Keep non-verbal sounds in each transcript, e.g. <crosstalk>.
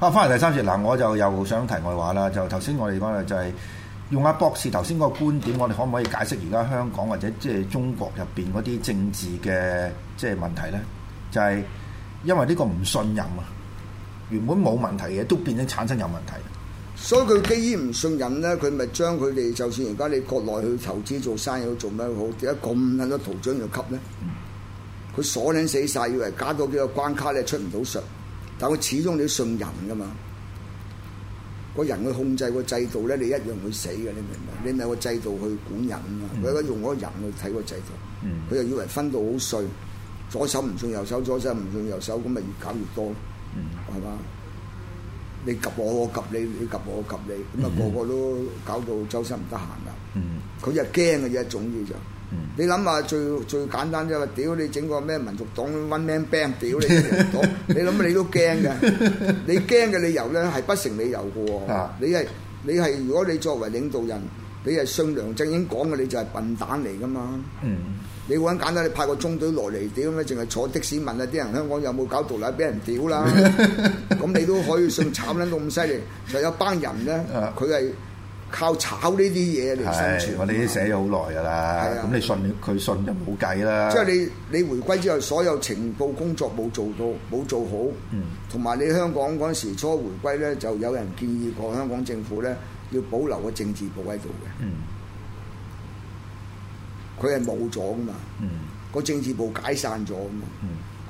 啊，翻嚟第三節嗱，我就又想提外話啦。就頭先我哋講嘅就係、是、用阿博士頭先嗰個觀點，我哋可唔可以解釋而家香港或者即係中國入邊嗰啲政治嘅即係問題咧？就係、是、因為呢個唔信任啊，原本冇問題嘅都變成產生有問題。所以佢基於唔信任咧，佢咪將佢哋就算而家你國內去投資做生意，做咩好，點解咁撚多圖章要吸咧？佢鎖緊死晒，以為加多幾個關卡咧出唔到術。但係佢始終你都信人噶嘛，個人去控制個制度咧，你一樣會死嘅，你明唔明？你咪個制度去管人啊，佢而家用嗰個人去睇個制度，佢、嗯、就以為分到好碎，左手唔信右手，左手唔信右手，咁咪越搞越多咯，係嘛、嗯？你及我我及你，你及我我及你，咁啊、嗯、個個都搞到周身唔得閒啦，佢、嗯嗯、就驚嘅一種嘢就是。你諗下最最簡單啫嘛！屌你整個咩民族黨 one man band 屌你民族黨！你諗你都驚嘅，你驚嘅理由咧係不成理由㗎喎。你係你係如果你作為領導人，你係信梁振英講嘅你就係笨蛋嚟㗎嘛。你好簡單，你派個中隊落嚟屌咩？淨係坐的士問下啲人香港有冇搞獨立俾人屌啦？咁你都可以信慘啦，咁犀利，就有一班人咧，佢係。靠炒呢啲嘢嚟生存，我啲寫咗好耐噶啦。咁你信佢信就冇計啦。即係你你回歸之後，所有情報工作冇做到，冇做好，同埋你香港嗰陣時初回歸咧，就有人建議過香港政府咧要保留個政治部喺度嘅。佢係冇咗噶嘛，個政治部解散咗噶嘛。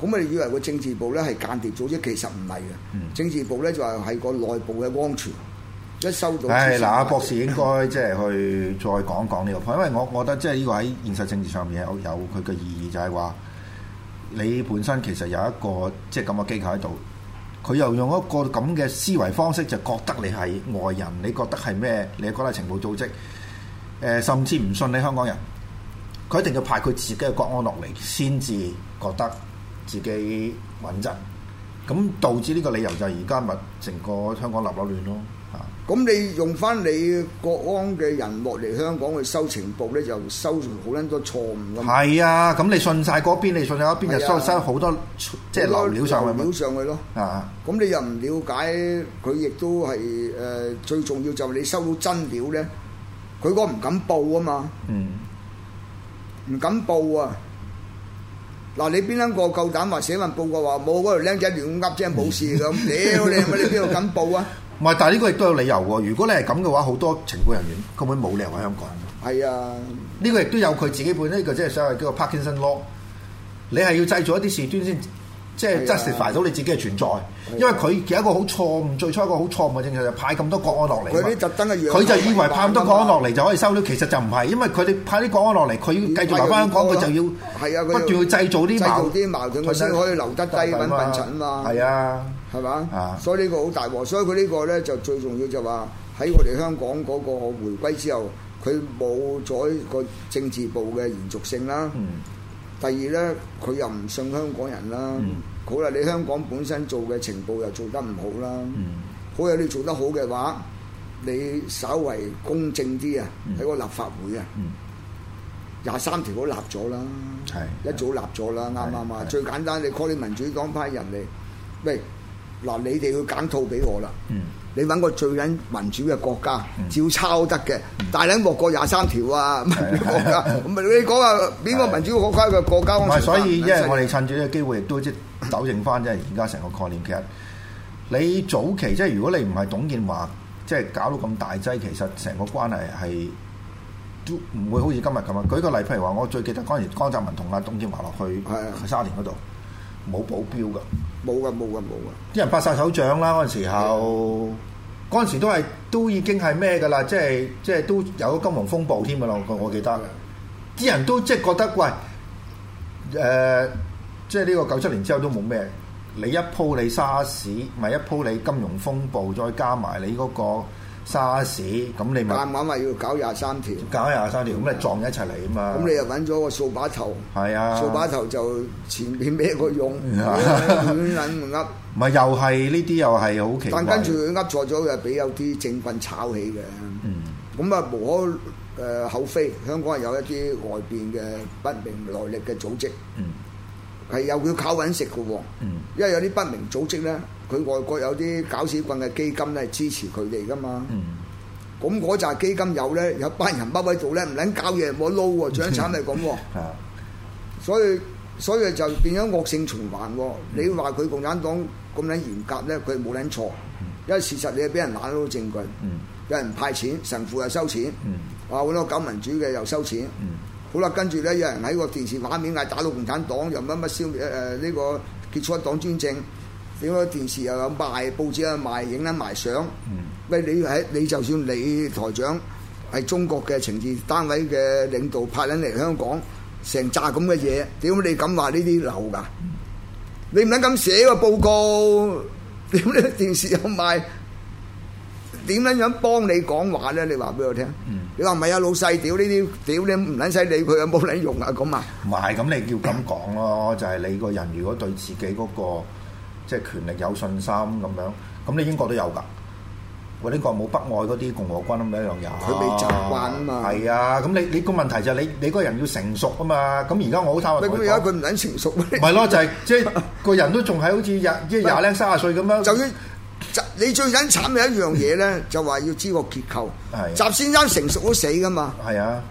咁你以為個政治部咧係間諜組織，其實唔係嘅。政治部咧就話係個內部嘅安全。誒嗱、哎，博士應該即係去再講講呢、這個，因為我覺得即係呢個喺現實政治上面有佢嘅意義就，就係話你本身其實有一個即係咁嘅機構喺度，佢又用一個咁嘅思維方式，就覺得你係外人，你覺得係咩？你覺得係情報組織、呃、甚至唔信你香港人，佢一定要派佢自己嘅國安落嚟，先至覺得自己穩陣。咁導致呢個理由就係而家咪成個香港立立亂咯。咁你用翻你國安嘅人落嚟香港去收情報咧，就收好撚多錯誤噶。係啊，咁你信晒嗰邊，你信晒嗰邊就收收好多即係流料上去。料上去咯。啊，咁你又唔了解佢，亦都係誒最重要就係你收到真料咧。佢嗰個唔敢報啊嘛。嗯。唔敢報啊！嗱，你邊一個夠膽話寫份報告話冇嗰條僆仔亂噏，即係冇事咁。屌你媽！你邊度敢報啊？唔係，但係呢個亦都有理由喎。如果你係咁嘅話，好多情報人員根本冇理由喺香港。係啊，呢、嗯、個亦都有佢自己本。呢、這個即係所謂叫做 Parkinson Law。你係要製造一啲事端先，即係 justify、啊、到你自己嘅存在。啊、因為佢有一個好錯誤，最初一個好錯誤嘅政策就是、派咁多國安落嚟。佢就以為派咁多國安落嚟就可以收到，其實就唔係。因為佢哋派啲國安落嚟，佢要繼續留翻香港，佢就要，係啊，佢仲要，要製造啲、製造矛盾，佢先可以留得低揾笨層嘛。係啊。嗯係嘛？所以呢個好大鑊，所以佢呢個咧就最重要就話喺我哋香港嗰個回歸之後，佢冇咗個政治部嘅延續性啦。第二咧，佢又唔信香港人啦。好啦，你香港本身做嘅情報又做得唔好啦。好有你做得好嘅話，你稍為公正啲啊，喺個立法會啊，廿三條都立咗啦，一早立咗啦，啱啱啱。最簡單，你 call 啲民主黨派人嚟，喂！嗱，你哋要揀套俾我啦。嗯、你揾個最緊民主嘅國家，嗯、照抄得嘅。大撚個國廿三條啊，乜國家？咁咪你講下邊個民主國家嘅國家？唔係，所以即係我哋趁住呢個機會，亦都即係糾正翻，即係而家成個概念。其實你早期即係如果你唔係董建華，即係搞到咁大劑，其實成個關係係都唔會好似今日咁啊。舉個例，譬如話，我最記得嗰時江澤民同阿董建華落去沙田嗰度。是啊。冇保鏢噶，冇噶冇噶冇噶，啲人拍晒手掌啦嗰陣時候，嗰陣的時都係都已經係咩噶啦，即係即係都有咗金融風暴添噶啦，我我記得噶，啲的人都即係覺得喂，誒、呃，即係呢個九七年之後都冇咩，你一鋪你沙士，咪一鋪你金融風暴，再加埋你嗰、那個。沙士咁你咪夾埋，話要搞廿三條，搞廿三條，咁咪、嗯、撞一齊嚟啊嘛！咁你又揾咗個掃把頭，係啊，掃把頭就前面孭個用。揾人噏。唔係又係呢啲，又係好奇怪。但跟住佢呃錯咗，又俾有啲政棍炒起嘅。嗯。咁啊，無可誒厚非，香港係有一啲外邊嘅不明來歷嘅組織。嗯。係又要靠揾食嘅喎，因為有啲不明組織咧，佢外國有啲搞屎棍嘅基金咧，支持佢哋噶嘛。咁嗰扎基金有咧，有班人踎喺度咧，唔撚搞嘢冇撈喎，長產咪咁喎。嗯、所以所以就變咗惡性循環。嗯、你話佢共產黨咁撚嚴格咧，佢冇撚錯，因為事實你係俾人攬到證據，嗯、有人派錢，神父又收錢，啊好、嗯、多搞民主嘅又收錢。嗯嗯好啦，跟住呢，有人喺個電視畫面嗌打倒共產黨，又乜乜消滅，呃呢個結束黨專政。點解電視又有賣，報紙又有賣，影緊埋相？喂，你喺你就算你台長係中國嘅情治單位嘅領導，派緊嚟香港，成扎咁嘅嘢，點解你敢話呢啲流㗎？你唔撚敢寫個報告？點解電視有賣？點樣樣幫你講話咧？你話俾我聽。你話唔係啊，老細屌呢啲，屌你唔撚使理佢啊，冇理用啊咁啊。唔係，咁你要咁講咯，就係你個人如果對自己嗰個即係權力有信心咁樣，咁你英國都有噶。我英國冇北愛嗰啲共和軍咁一樣嘢。佢未習慣啊嘛。係啊，咁你你個問題就係你你個人要成熟啊嘛。咁而家我好慘啊。而家佢唔撚成熟咩？唔係咯，就係即係個人都仲係好似廿即係廿零三十歲咁樣。就要。你最引產嘅一樣嘢咧， <laughs> 就話要知個結構。習 <laughs> 先生成熟都死噶嘛？係啊，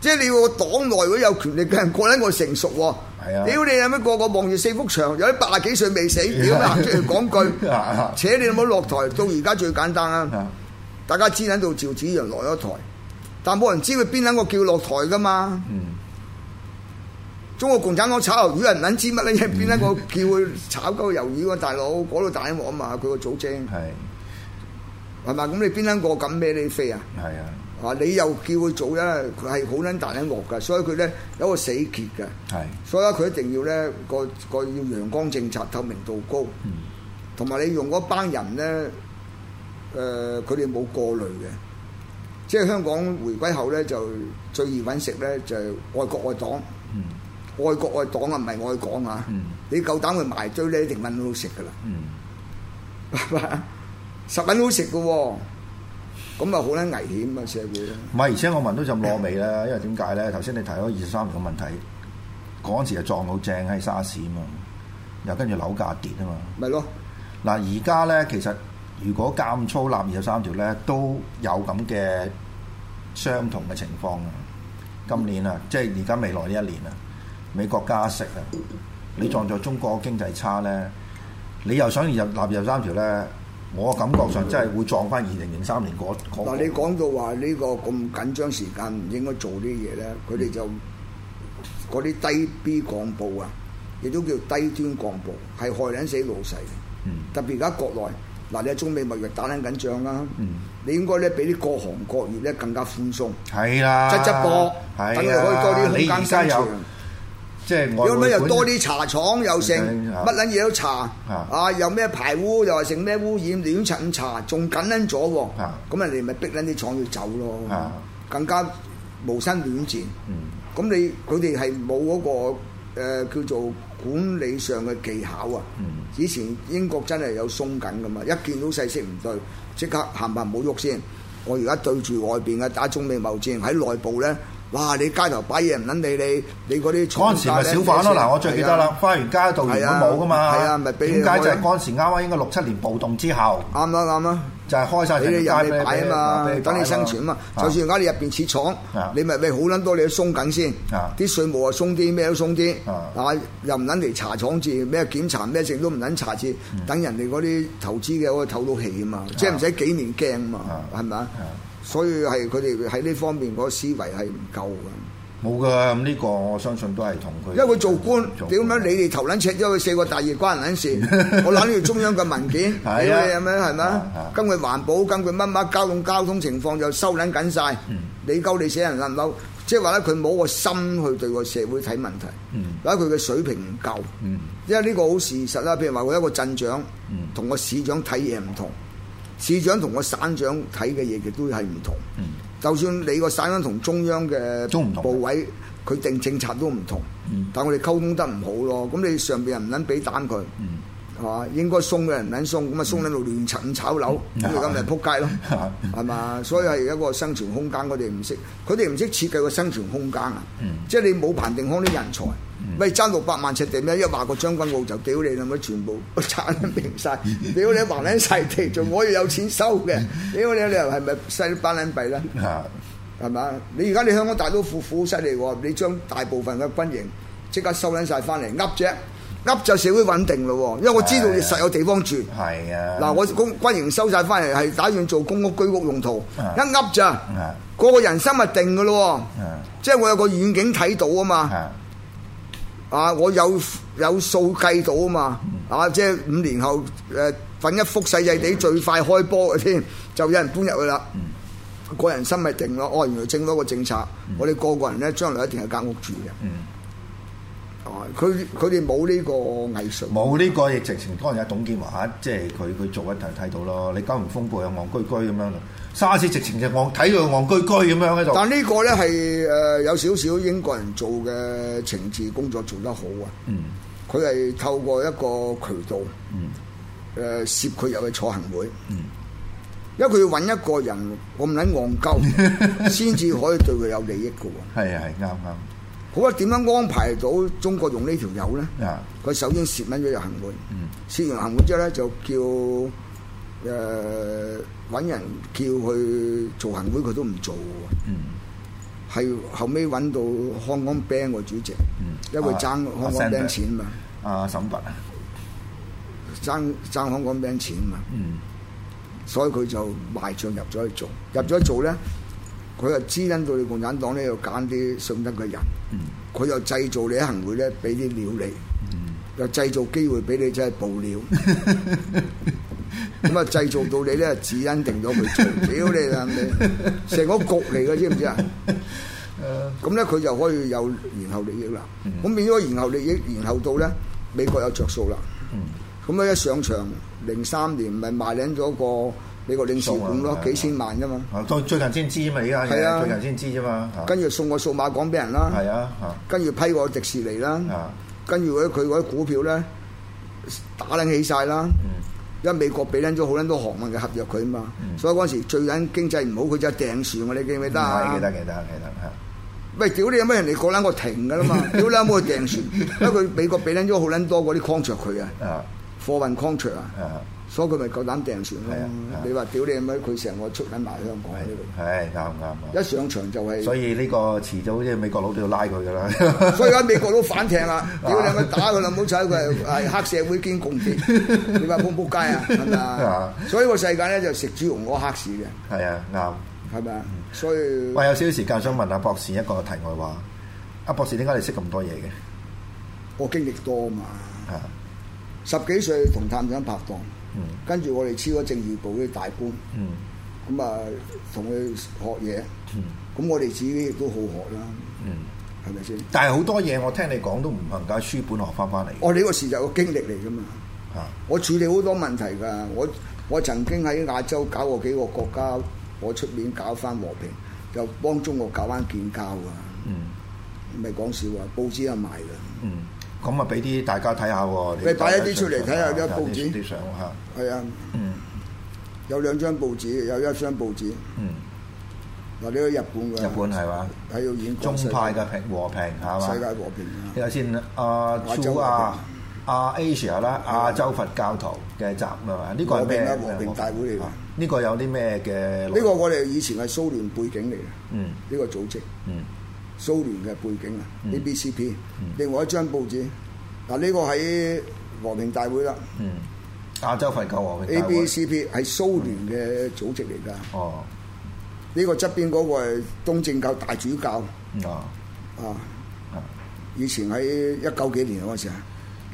即係你要黨內如有權力嘅人過緊我成熟，哦。係啊，屌你有咩個個望住四幅牆，有啲八十幾歲未死，屌行 <laughs> 出去講句，扯 <laughs> 你有冇落台？ <laughs> 到而家最簡單啊。 <laughs> 大家知等到趙紫陽落咗台，但冇人知佢邊個叫落台噶嘛？ <laughs> 中國共產黨炒魷魚，人唔撚知乜嘢？邊一個叫佢炒鳩魷魚喎？大佬嗰度大鑊啊嘛！佢個組織係咪？咁你邊一個敢孭呢啲飛啊？係啊！啊，你又叫佢做咧，佢係好撚大鑊噶，所以佢咧有一個死結嘅。係，所以佢一定要咧個個要陽光政策，透明度高。嗯，同埋你用嗰班人咧，誒，佢哋冇過濾嘅，即係香港回歸後咧，就最易揾食咧，就係愛國愛黨。愛國愛黨啊，唔係愛港啊！你夠膽去埋堆咧，食品好食噶啦，係嘛？食品好食噶喎，咁啊好撚危險啊社會啊！唔係，而且我聞到陣餓味啦，因為點解咧？頭先你提咗二十三條問題，嗰陣時就撞到正喺沙士啊嘛，又跟住樓價跌啊嘛。咪咯，嗱，而家咧，其實如果監粗立二十三條咧，都有咁嘅相同嘅情況啊！今年啊，即係而家未來呢一年啊。美國加息啊！你撞咗中國經濟差咧，你又想入立二十三條咧？我感覺上真係會撞返二零零三年嗰、那、嗰、個。嗱、嗯，你講到話呢個咁緊張時間唔應該做呢啲嘢咧，佢哋就嗰啲、嗯、低 B 幹部啊，亦都叫低端幹部，係害人死老細、嗯、特別而家國內嗱，你喺中美物業打緊緊仗啦。嗯、你應該咧俾啲各行各業咧更加寬鬆，鬆。係啦、啊。擠擠波。係啊。可以多啲空間生存你而家有？即係我後屘又多啲茶廠又剩，乜撚嘢都查，啊又咩排污又話剩咩污染亂巡查，仲緊撚咗喎，咁人哋咪逼撚啲廠要走咯，更加無心戀戰。咁你佢哋係冇嗰個誒叫做管理上嘅技巧啊。以前英國真係有鬆緊噶嘛，一見到勢色唔對，即刻行埋冇喐先。我而家對住外邊嘅打中美貿戰，喺內部咧。哇！你街頭擺嘢唔撚理你，你嗰啲，嗰陣時咪小販咯嗱，我最記得啦，花園街一度原本冇噶嘛，點解就係嗰陣時啱啱應該六七年暴動之後，啱啦啱啦，就係開曬啲街啊嘛，等你生存啊嘛，就算而家你入邊設廠，你咪咪好撚多你都鬆緊先，啲稅務啊鬆啲，咩都鬆啲，啊又唔撚嚟查廠字，咩檢查咩證都唔撚查字，等人哋嗰啲投資嘅可以透到氣啊嘛，即係唔使幾年驚啊嘛，係咪啊？所以係佢哋喺呢方面嗰個思維係唔夠嘅。冇㗎，咁呢個我相信都係同佢。因為佢做官，點樣你哋頭撚赤咗四個大熱關人撚事，我撚住中央嘅文件點嘅嘢咩？係嘛？根據環保，根據乜乜交通交通情況就收撚緊晒。你鳩你死人啦，唔好！即係話咧，佢冇個心去對個社會睇問題。嗯。或者佢嘅水平唔夠。嗯。因為呢個好事實啦，譬如話佢一個鎮長，同個市長睇嘢唔同。市長同個省長睇嘅嘢，亦都係唔同。嗯、就算你個省長同中央嘅部委，佢定政策都唔同。嗯、但係我哋溝通得唔好咯。咁你上邊又唔撚俾膽佢，係嘛、嗯？應該送嘅人唔撚送，咁咪送喺度亂層炒樓，咁、嗯、就今日撲街咯，係嘛？所以係一個生存空間，我哋唔識，佢哋唔識設計個生存空間啊。嗯、即係你冇彭定康啲人才。咪爭六百萬尺地咩？一話個將軍澳就屌你啦！咪全部鏟平晒，屌你橫撚晒地，仲可以有錢收嘅？屌你你又係咪細佬班撚弊咧？係嘛？ <laughs> 你而家你香港大都府府好犀利喎，你將大部分嘅軍營即刻收撚晒翻嚟，噏啫，噏就社會穩定咯。因為我知道你實有地方住。係啊。嗱，我公軍營收晒翻嚟係打算做公屋居屋用途，一噏咋？個個人心咪定嘅咯？即係 <laughs> 我有個遠景睇到啊嘛。 <laughs> 啊！我有有數計到啊嘛，啊！即係五年後誒，揾、呃、一幅細細地最快開波嘅添，就有人搬入去啦。嗯、個人心咪定咯，哦！原來政府個政策，嗯、我哋個個人咧將來一定係間屋住嘅。嗯嗯佢佢哋冇呢個藝術、這個，冇呢個直情前當然係董建華，即係佢佢做一睇睇到咯。你金融風暴又戇居居咁樣，沙士直情就戇睇到戇居居咁樣喺度。旺旺旺但呢個咧係誒有少少英國人做嘅情治工作做得好啊。嗯，佢係透過一個渠道，嗯，誒、呃、涉佢入去坐行會，嗯，因為佢要揾一個人，我唔撚戇鳩先至可以對佢有利益嘅喎。係啊，係啱啱。好啊！點樣安排到中國用條呢條友咧？啊！佢首先蝕緊咗入行會，蝕、mm. 完行會之後咧，就叫誒揾、呃、人叫佢做行會，佢都唔做喎。嗯，係後尾揾到康康餅個主席，mm. 因為爭康康餅錢嘛。阿沈拔啊，爭爭康康餅錢嘛。嗯、mm.，錢錢 mm. 所以佢就賣帳入咗去做，入咗去做咧。Mm. 佢又指引到你共產黨咧，要揀啲信得嘅人。佢又製造你喺行會咧，俾啲料你。又製造機會俾你即係報料。咁啊，製造到你咧，指引定咗佢做料你啦，係咪？成個局嚟嘅，知唔知啊？咁咧，佢就可以有然後利益啦。咁變咗然後利益，然後到咧，美國有着數啦。咁咧一上場，零三年咪賣領咗個。美國領事館咯，幾千萬啫嘛。最近先知未啊？係啊，最近先知啫嘛。跟住送個數碼港俾人啦。係啊。跟住批個迪士尼啦。跟住佢嗰啲股票咧，打撚起晒啦。因為美國俾撚咗好撚多航運嘅合約佢啊嘛。所以嗰時最撚經濟唔好，佢就訂船你記唔記得啊？記得記得記得嚇。喂，屌你有乜人哋過撚我停噶啦嘛？屌你有冇去訂船，因為美國俾撚咗好撚多嗰啲 contract 佢啊。啊。貨運 contract 啊。所以佢咪夠膽訂船咯？你話屌你咁佢成個出緊埋香港呢度，係啱唔啱？一上場就係所以呢個遲早即係美國佬都要拉佢噶啦。所以而家美國佬反艇啦，屌你咁打佢啦，唔好彩佢係黑社會兼共諜。你話仆街啊，係咪啊？所以個世界咧就食豬紅攞黑市嘅。係啊，啱係咪啊？所以我有少少時間想問下博士一個題外話。阿博士點解你識咁多嘢嘅？我經歷多啊嘛。十幾歲同探長拍檔。嗯、跟住我哋超咗政治部啲大官，咁啊同佢學嘢，咁、嗯、我哋自己亦都好學啦，係咪先？吧但係好多嘢我聽你講都唔憑架書本學翻翻嚟。我呢個事就個經歷嚟噶嘛，啊、我處理好多問題㗎。我我曾經喺亞洲搞過幾個國家，我出面搞翻和平，又幫中國搞翻建交啊，唔係講笑話，報紙又賣㗎。嗯咁啊，俾啲大家睇下喎。你擺一啲出嚟睇下啲報紙啲相嚇。係啊。嗯。有兩張報紙，有一張報紙。嗯。嗱，你去日本㗎。日本係嘛？喺度演宗派嘅平和平嚇嘛。世界和平。睇下先阿亞啊，亞 Asia 啦，亞洲佛教徒嘅集啊嘛。和平啊！和平大會嚟㗎。呢個有啲咩嘅？呢個我哋以前係蘇聯背景嚟嘅。嗯。呢個組織。嗯。蘇聯嘅背景啊，ABCP、嗯、另外一張報紙，嗱呢個喺和平大會啦，亞洲佛教和平大會，ABCP 係蘇聯嘅組織嚟㗎，呢個側邊嗰個係東正教大主教，哦、啊，啊，啊，以前喺一九幾年嗰陣時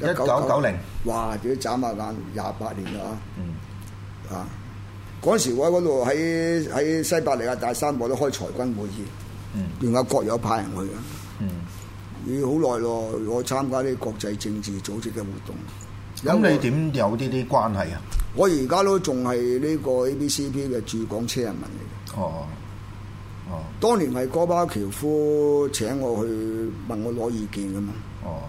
1990, 1990、嗯、啊，一九九零，哇，要眨下眼廿八年啦啊，啊，嗰陣時我喺嗰度喺喺西伯利亞大沙漠都開裁軍會議。原外，嗯、國有派人去嘅，要好耐咯。我參加啲國際政治組織嘅活動。咁你點有呢啲關係啊？我而家都仲係呢個 ABCP 嘅駐港車人民嚟嘅。哦哦。當年係哥巴喬夫請我去問我攞意見嘅嘛。哦。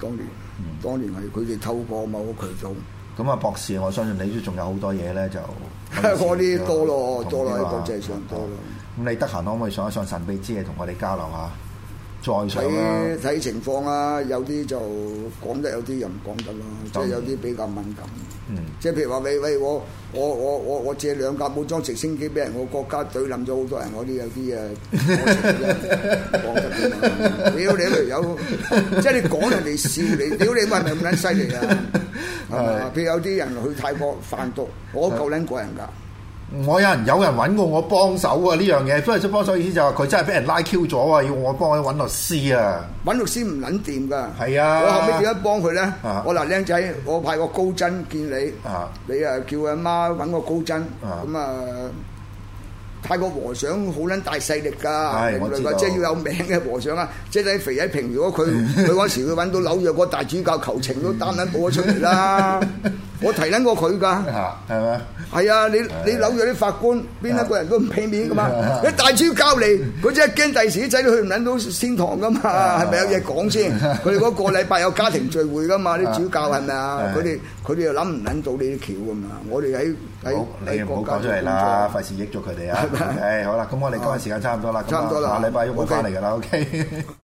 當年，嗯、當年係佢哋透過某個渠道。咁啊、嗯，博士，我相信你都仲有好多嘢咧，就我啲多咯，多咯了，多國際上多咯。咁你得閒可唔可以上一上神秘之夜同我哋交流下？再上睇情況啊，有啲就講得，有啲又唔講得啦，即係、嗯、有啲比較敏感。即係、嗯、譬如話你，喂我，我我我我借兩架武裝直升機俾人，我國家隊冧咗好多人，些有些我啲 <laughs> 有啲啊。屌、就是、你老友！即係你講人哋事嚟，屌你，係咪咁撚犀利啊？譬如有啲人去泰國販毒，我夠撚過人噶。 <laughs> <laughs> 我有人有人揾過我幫手啊！呢樣嘢都係出幫手意思，就係，就佢真係俾人拉 Q 咗啊！要我幫佢揾律師啊！揾律師唔撚掂㗎，係啊！後啊我後尾點解幫佢咧？我嗱僆仔，我派個高真見你，啊你啊，叫阿媽揾個高真，咁啊～泰國和尚好撚大勢力㗎，即係要有名嘅和尚啊！即係你肥仔平，如果佢佢嗰時佢揾到紐約嗰大主教求情，都擔撚咗出嚟啦！我提撚過佢㗎，係嘛？係啊！你你紐約啲法官邊一個人都唔俾面㗎嘛？你大主教嚟，嗰啲一驚第時仔都去唔撚到天堂㗎嘛？係咪有嘢講先？佢哋嗰個禮拜有家庭聚會㗎嘛？啲主教係咪啊？佢哋佢哋又諗唔撚到呢啲橋㗎嘛？我哋喺哎、好，你唔好講出嚟啦，費事益咗佢哋啊！誒、 <laughs> okay？好啦，咁我哋今日時間差唔多啦，咁我下禮拜喐我翻嚟㗎啦，OK。okay. <laughs>